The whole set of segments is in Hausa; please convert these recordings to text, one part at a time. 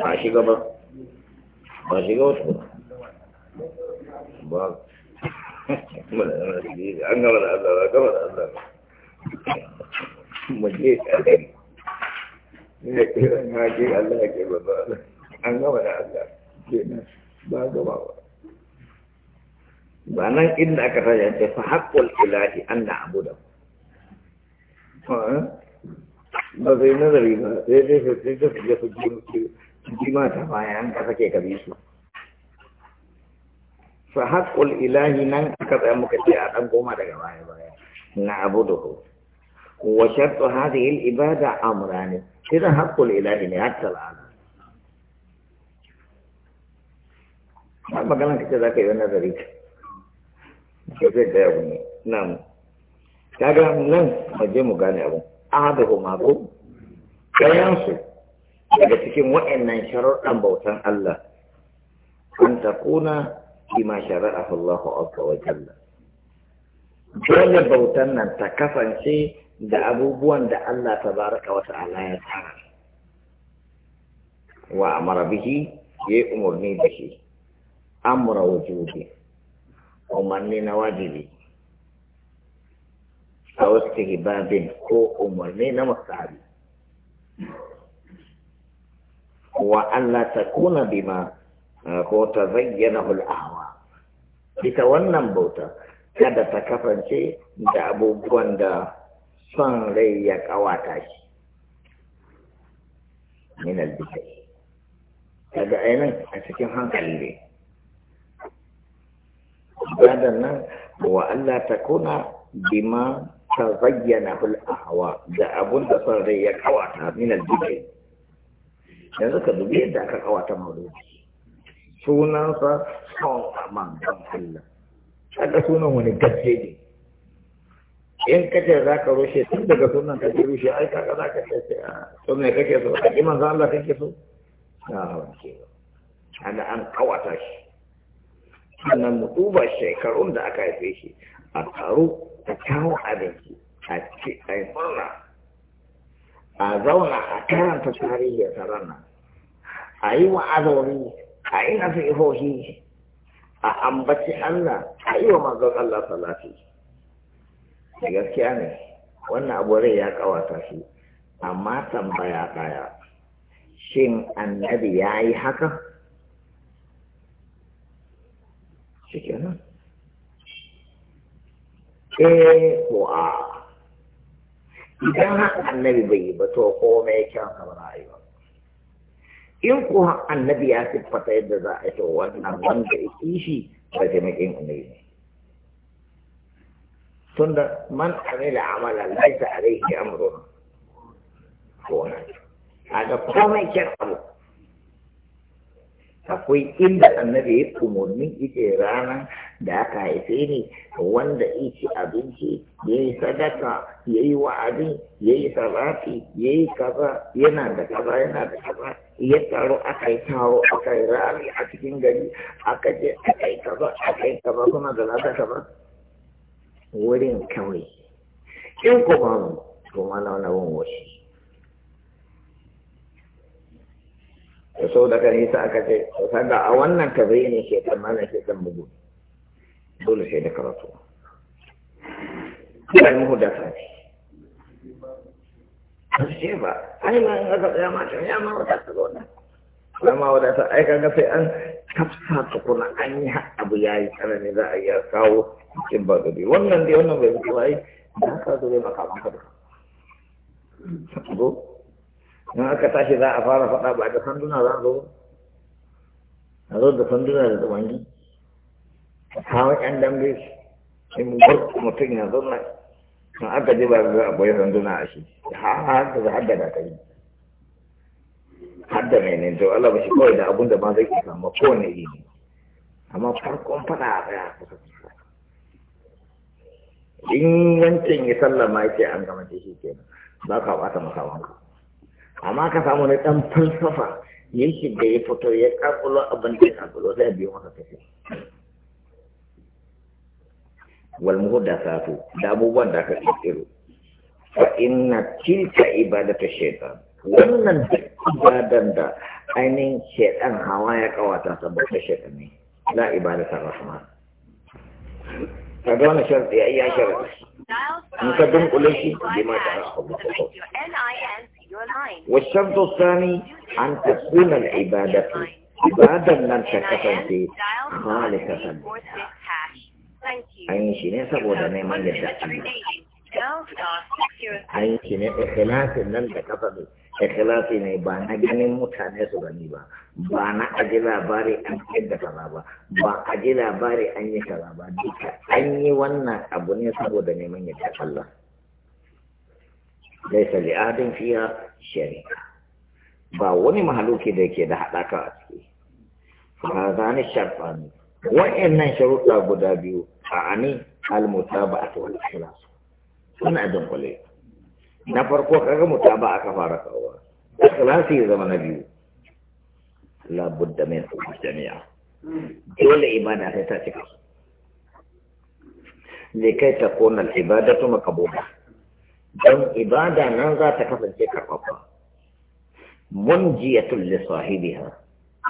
ba shiga ba ba shiga wasu ba an gama da Allah ba gama da Allah mu je tsari ne kiran ya ke Allah ya ke ba an gama da Allah kenan ba gama ba ba nan inda aka sanya ce fa haƙƙul ilahi an na abu da ba sai nazari ba sai dai sai dai sai dai sai dai jima ta bayan ka sake ka bi su fa haqqul ilahi nan aka tsaya muka ce a dan goma daga baya baya na abuduhu wa shartu hadhihi al ibada amrani idan haqqul ilahi ne hatta al'an ba maganan kace za ka yi wannan zari ke zai da yau ne nan kaga nan mu je mu gane abun ahaduhu ma ko kayan su daga cikin wa'annan sharuɗan bautan Allah an takuna bima shara'ahu Allah azza wa jalla dole bautan nan ta kasance da abubuwan da Allah ta baraka ala ya tsara wa amara bihi ya umarni da shi amra wujubi umarni na wajibi a wasu ko umarni na mustahabi wa Allah ta kuna bima ko eh, ta zayyana hul'awa ita wannan bauta kada ta kafance da abubuwan da son rai ya kawata shi min albisai daga ainihin a cikin hankali ne ibadan nan wa Allah ta kuna bima ta zayyana hul'awa da abun da son rai ya kawata minal albisai yanzu ka dubi yadda aka kawata maulidi sunansa son don Allah kaga sunan wani gaske ne in kace za ka rushe tun daga sunan ka ji rushe ai kaga za ka ce ah, to me kake so a ji manzon Allah kake so na ba ana an kawata shi sannan mu duba shekarun da aka haife shi a taru a kawo abinci a ci ai murna a zauna a karanta tarihi sarana a yi wa azori a ina su ihohi a ambaci Allah a yi wa manzon Allah salati da gaskiya ne wannan abu rai ya kawata shi amma tambaya daya shin annabi ya yi haka shi kenan ko eh, a idan haka annabi bai yi ba to komai kyan sa rayuwa, za ba in kuwa annabi ya siffata yadda za a ce wannan wanda ya kishi ba taimakin annabi ne tunda man da amala laisa alaihi amruna ko na a ga komai kyan abu akwai inda annabi ya umarni ita rana da aka haife ni wanda ci abinci ya yi sadaka ya yi wa'adi ya yi salati ya yi kaza yana da kaza yana da kaza ya taro aka yi taro aka yi rari a cikin gari aka je aka yi kaza aka yi kaza kuma da ta kaza wurin kawai in kuma kuma na wani wasu da sau da kan yasa aka ce kaga a wannan ka zai ne shaitan mana shaitan bugu dole sai da karatu kan mu da sani ce ba ai ma in aka tsaya ma ya ma wata ta zo da na ma wata ta ai kaga sai an kafsa tukuna an yi abu ya yi tsanani za a iya kawo cikin ba gobe wannan dai wannan bai mutu ba ai da ka zo bai maka maka da ko in aka tashi za a fara faɗa ba da sanduna za a zo a zo da sanduna da a kawo ƴan dambe in mu mutum ya zauna in aka je ba za a bai sanduna a shi har har da har da ka yi har mai ne to Allah ba shi kawai da abun da ba zai ki samu kowane iri ne amma farkon faɗa a tsaya kusa in wancan ya sallama ya ce an gama shi kenan za ka ɓata wanka. amma ka samu na ɗan falsafa yanki da ya fito ya ƙaƙulo abin da ya ƙaƙulo sai biyu masa tafi da sato da abubuwan da aka ƙirƙiro. fa inna tilka ta shaytan wannan ibadan da ainihin shaytan hawa ya kawata saboda shaytan ne la ibadatu rahman ka ga shan sharti ya iya sharti in ka dunkule shi bi ma ta rahman والشرط الثاني أن تكون العبادة عبادة من تكفن خالصة أي شيء سبب نعمة أي شيء إخلاص لن تكفن ikhlasi ne ba na ganin mutane su gani ba ba na aji labari an yadda kaza ba ba aji labari an yi kaza ba duka an yi wannan abu ne saboda neman yadda Allah laisa li ahadin fiha sharika ba wani mahaluki da ke da haɗaka a ciki fahazani sharfani wa'annan sharuɗa guda biyu a ani al-mutaba'atu wal ikhlas wannan adon kwale na farko kaga mutaba'a ka fara kawo ikhlasi ya zama na biyu la budda min jami'a dole ibada sai ta cika likai takuna al-ibadatu maqbula don ibada nan za ta kasance karɓaɓɓa munjiyatun li sahibiha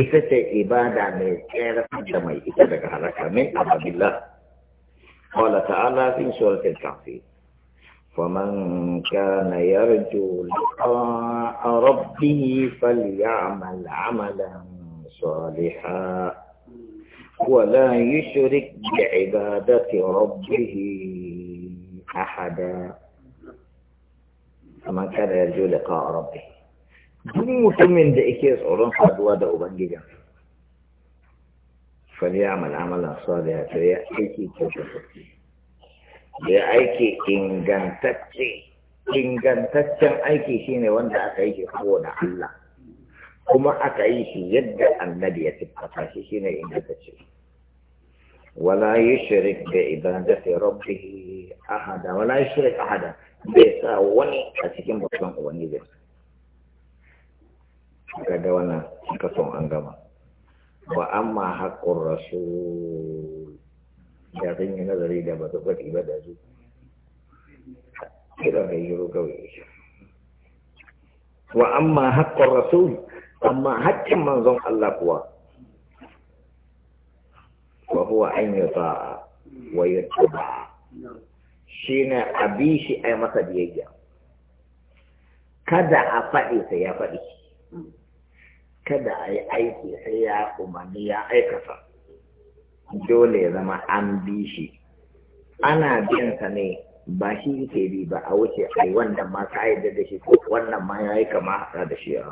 ita ce ibada mai tsere da mai ita daga halaka min abdullah qala ta'ala fi suratul kafir فمن كان يرجو لقاء ربه فليعمل عملا صالحا ولا يشرك بعبادة ربه أحدا فمن كان يرجو لقاء ربه duk mutumin da yake tsoron saduwa da ubangijin faliyamal amalan saliha to ya aiki kyautatacce ya aiki ingantacce ingantaccen aiki shine wanda aka yi shi saboda Allah kuma aka yi shi yadda annabi ya siffata shi shine ingantacce wala yushrik bi ibadati rabbih ahada wala yushrik ahada bai sa wani a cikin babban ubangijin ga da wannan suka son an gama wa amma haƙƙun rasu da zan yi nazari da ba su faɗi ba da su kira da yiwu kawai wa amma haƙƙun rasu amma haƙƙin manzon Allah kuwa wa huwa an yi ta'a wa yi ta'a shine a bi shi a masa biyayya kada a faɗi sai ya faɗi kada a yi aiki sai ya umarni ya aikata dole ya zama an bi shi ana bin sa ne ba shi yake bi ba a wuce ai wannan ma ka yadda da shi ko wannan ma ya yi kama haka da shi a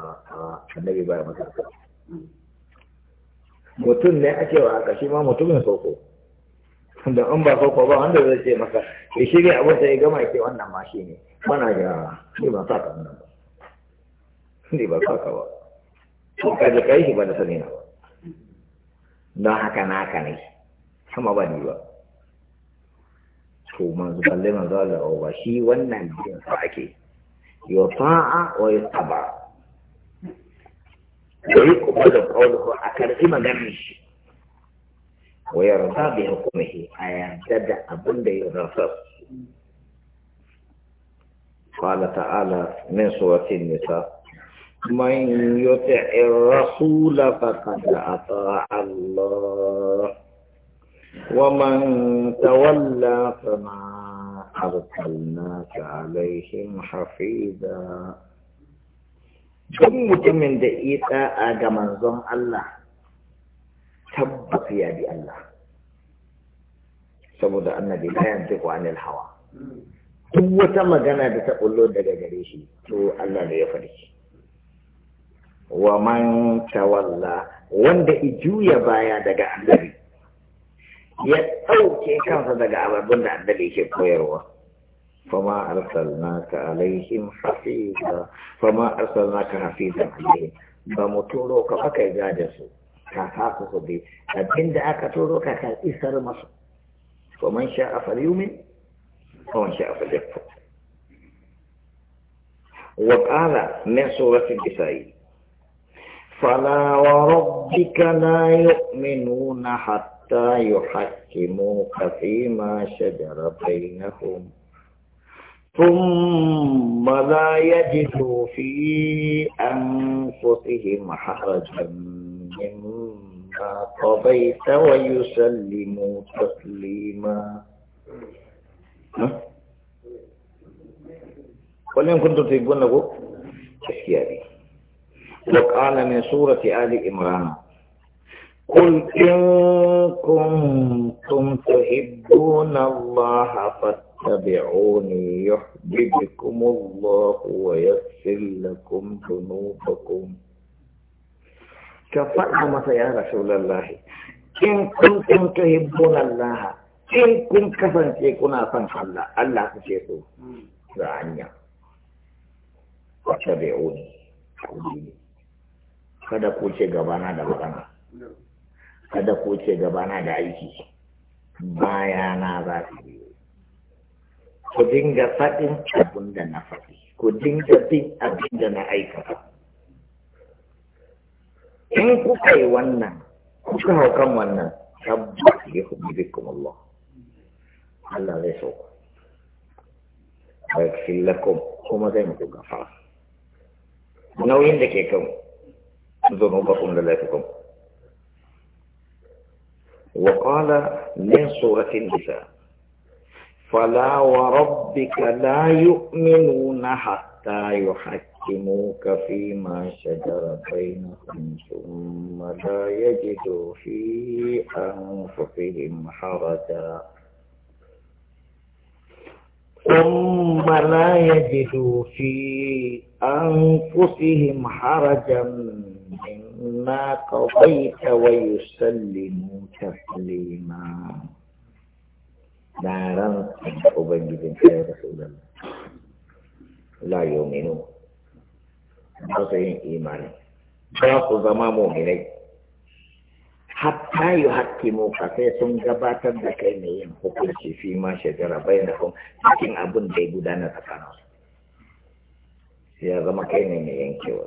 annabi ba mm. mutum ne ake wa haka ma mutumin soko da in ba ko ba wanda zai ce maka ya shirya abin da ya gama ke wannan ma shi ne mana ga ni ba sa ka wannan ba ni ba sa ka ba to ka ji kai shi ba da sani na ba don haka na haka ne sama ba ni ba to manzo balle manzo Allah ba shi wannan jin sa ake yo fa'a wa yastaba yi kuma da kawo a karfi maganar shi ويرضى بحكمه أيمتد أبن يرفض قال تعالى من سورة النساء من يطع الرسول فقد أطاع الله ومن تولى فما أرسلناك عليهم حفيظا كم متمن دقيقة أجمع الله tabbas ya bi Allah saboda annabi la yantiqu anil hawa duk wata magana da ta bullo daga gare shi to Allah ne ya fadi wa man tawalla wanda ijuya baya daga annabi ya dauke kansa daga ababin da annabi yake koyarwa فما أرسلناك عليهم حفيظا فما أرسلناك حفيظا عليهم فمتولوك فكي جاجسوا ka sa su kuɗi abin da aka turo ka ka isar masu to man sha a falyumin ko man sha a falyakfu wa ƙara min suratul isa'i فلا وربك لا يؤمنون حتى يحكموك فيما شجر بينهم ثم لا يجدوا في أنفسهم حرجا مما قضيت ويسلموا تسليما قل إن كنتم تحبون له اختياري وقال من سورة آل إمران قل إن كنتم تحبون الله فاتبعوني يحببكم الله ويغفر لكم ذنوبكم ka faɗa masa ya rasulallahi in ka tuhibbuna Allah in kun kasance kuna son Allah Allah ku ce so da hanya wata be'uni kada ku ce gabana da magana kada ku ce gabana da aiki baya na za su yi, ku dinga faɗin abin da na faɗi ku dinga bin abin da na aikata in kuka yi wannan kuka hau kan wannan tabbas ya hubbikum Allah Allah zai so ku wa yakfir lakum kuma zai muku gafara nauyin da ke kan zunubakum da laifukum wa qala min suratin nisa' فلا وربك لا يؤمنون حتى يحكموك فيما شجر بينهم ثم لا يجدوا في أنفسهم حرجا ثم لا يجدوا في أنفسهم حرجا مما قضيت ويسلموا تسليما barang ran da ubangijin kai rasulun la yominu ba su yin imani ba ku zama mominai hatta yi haƙƙi mu sai sun gabatar da kai mai yin hukunci fi ma shajara bai da kun cikin abin da ya gudana tsakanin su ya zama kai ne mai yankewa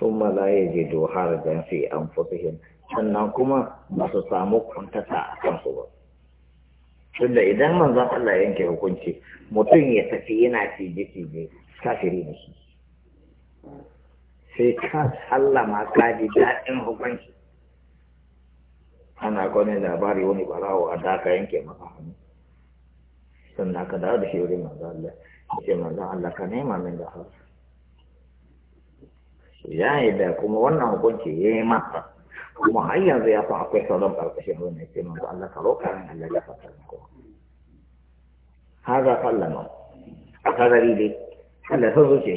sun ma za ya je dohar don fi an fusuhin sannan kuma ba su samu kwantata a kansu ba tunda idan manzon Allah yanke hukunci mutum ya tafi yana cije-cije kafiri ne shi sai ka ma ka ji daɗin hukunci ana gwanin labari wani barawo a daga yanke maka hannu sannan ka dawo da shi wurin manzon Allah ya ce manzon Allah ka nema min da hausa ya yi da kuma wannan hukunci ya yi masa kuma har yanzu ya fa akwai kalau kasih Allah ya ce Allah kalau roƙa Allah dapat fata Hada haza sallama a Allah zuce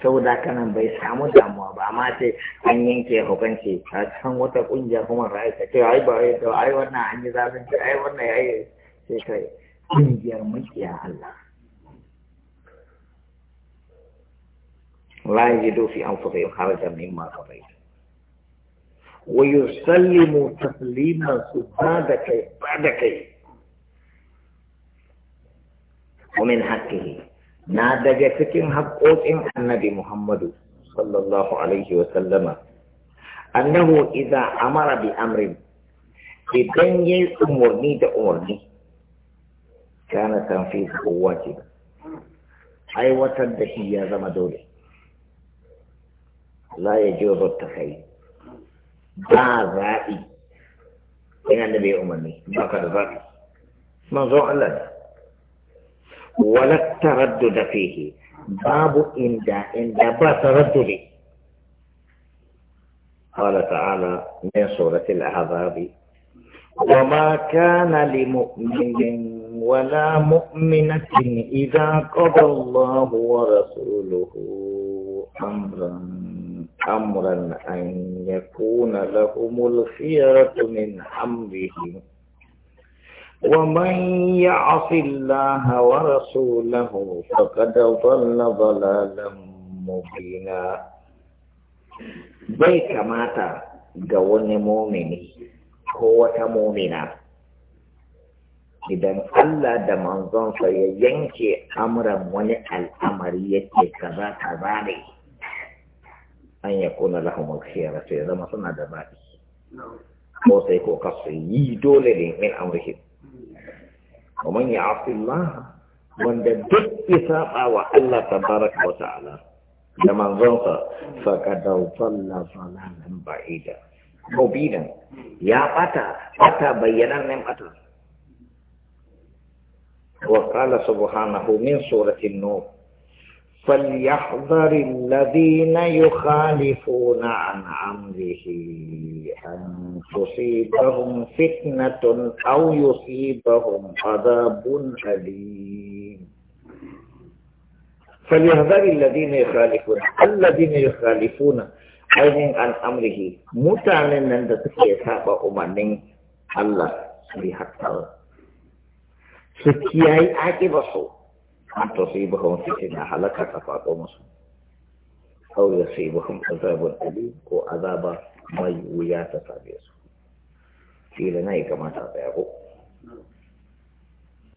shi kanan bai samu damuwa ba amma sai an yanke hukunci a can wata kungiya kuma ra'ayi ta ayah ba ayah mana an yi zalunci ayah mana yayi sai kai kungiyar makiya Allah لا يجدوا في أنفسهم حرجا مما قضيت ويسلموا تسليما بعد بعدك بعد ومن حقه نادج فكر حقوق النبي محمد صلى الله عليه وسلم أنه إذا أمر بأمر بدنيا يأمرني اولي كان تنفيذه واجبا أي وتدهي يا زمدولي لا يجوز التخيل با رائي من النبي أمني بقر رائي موضوع لنا ولا التردد فيه باب إنداء إنداء با تردد قال تعالى من سورة الأعذاب وما كان لمؤمن ولا مؤمنة إذا قضى الله ورسوله أمرا أمرا أن يكون لهم الخيرة من أمرهم ومن يعص الله ورسوله فقد ضل ضلالا مبينا بيت ماتا قوني مؤمني هو مؤمنا إذا ألا دمان صنصر ينكي أمرا من الأمر يتكذا كذلك an ya kuna lahumul khiyara ya zama suna da ba'i ko sai ko kasu yi dole ne min amurki wa man ya afi laha. wanda duk isa saba wa Allah baraka wa ta'ala da manzonsa faqad dhalla dhalalan ba'ida mubinan ya bata bata bayyanar nan bata wa qala subhanahu min surati فليحذر الذين يخالفون عن امره ان تصيبهم فتنه او يصيبهم عذاب اليم فليحذر الذين يخالفون الذين يخالفون عن أمره mutanen nan da suke saba umarnin Allah su yi an tusibahum na halaka ta faɗo musu aw kuma azabun alim ko azaba mai wuya ta same su kila na yi kamata ta tsaya